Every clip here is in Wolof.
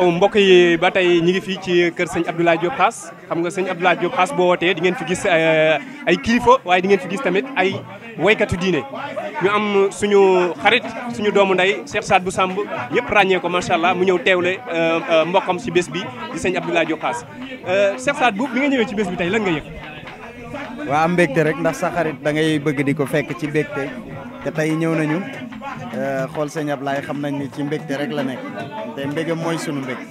waaw mbokk yi ba tey ñi ngi fii ci kër sëñ Abdoulaye Diop xam nga sëñ Abdoulaye Diop Khass boo wootee di ngeen fi gis eh, ay kilifa waaye di ngeen fi gis tamit ay waykatu diine ñu am suñu xarit suñu doomu ndey Cheikh Saad bu Samb ñëpp ràññee ko macha allah mu ñëw teewle eh, eh, mbokkam si bés bi di sëñ Abdoulaye Diop Khass Cheikh bu bi nga ñëwee ci bés bi tey lan nga yëg waa am mbégte rek ndax sa xarit da ngay bëgg di ko fekk ci mbégte te tey ñëw na nañu Euh, xool sëñ Ablaye xam nañ ni ci mbégte rek la nekk te mbégam mooy sunu mbégte.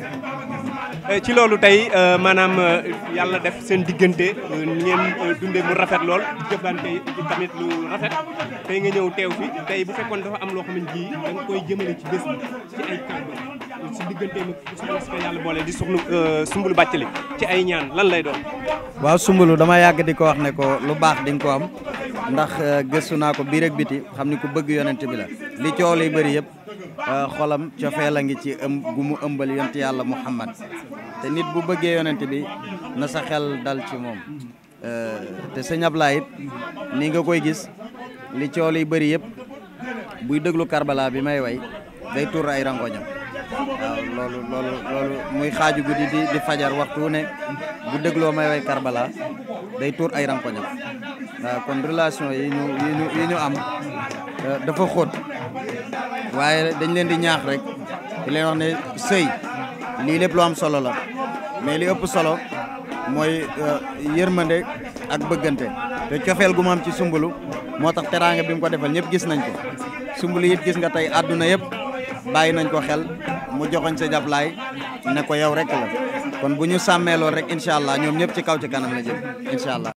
Euh, ci loolu tey euh, maanaam yàlla def seen diggante ngeen dundee mu rafet lool jëflante ci tamit lu rafet tey nga ñëw tey bu dafa am loo xam ne ji koy jëmale ci bés bi ci ay kàddu si digganteem ak soxna si ko yàlla boole di soxna Soumboulou Bathily ci ay ñaan lan lay doon. waaw Soumboulou dama yàgg di ko wax ne ko lu baax di nga ko am. ndax euh, gëstu naa ko biir biti xam ni ku bëgg yonent bi la li coow bari bëri yëpp euh, xolam cofeel la ngi ci ëmb gu mu ëmbal yonent yàlla Muhammad te nit bu bëggee yonent bi na sa xel dal ci moom euh, te sëñ Ablaye ni nga koy gis li coow lay bëri yëpp buy déglu Karbala bi may way day tur ay rangoñam waaw loolu loolu muy xaaju guddi di di fajar waxtu ne bu dégloo may way Karbala day tuur ay rangoñam Euh, kon relation yi ñu yi ñu am euh, dafa xóot waaye dañ leen di ñaax rek di leen wax ne sëy lii lépp lu am solo la mais li ëpp solo mooy euh, yërmande ak bëggante te cofeel gu mu am ci sumbulu moo tax teraanga bi mu ko defal ñëpp gis nañ ko sumbulu yi gis nga tey àdduna yëpp bàyyi nañ ko xel mu joxoñ sa jàppalaay ne ko yow rek la kon bu ñu sàmmeeloon rek incha allah ñoom ñëpp ci kaw ci kanam la jëm incha allah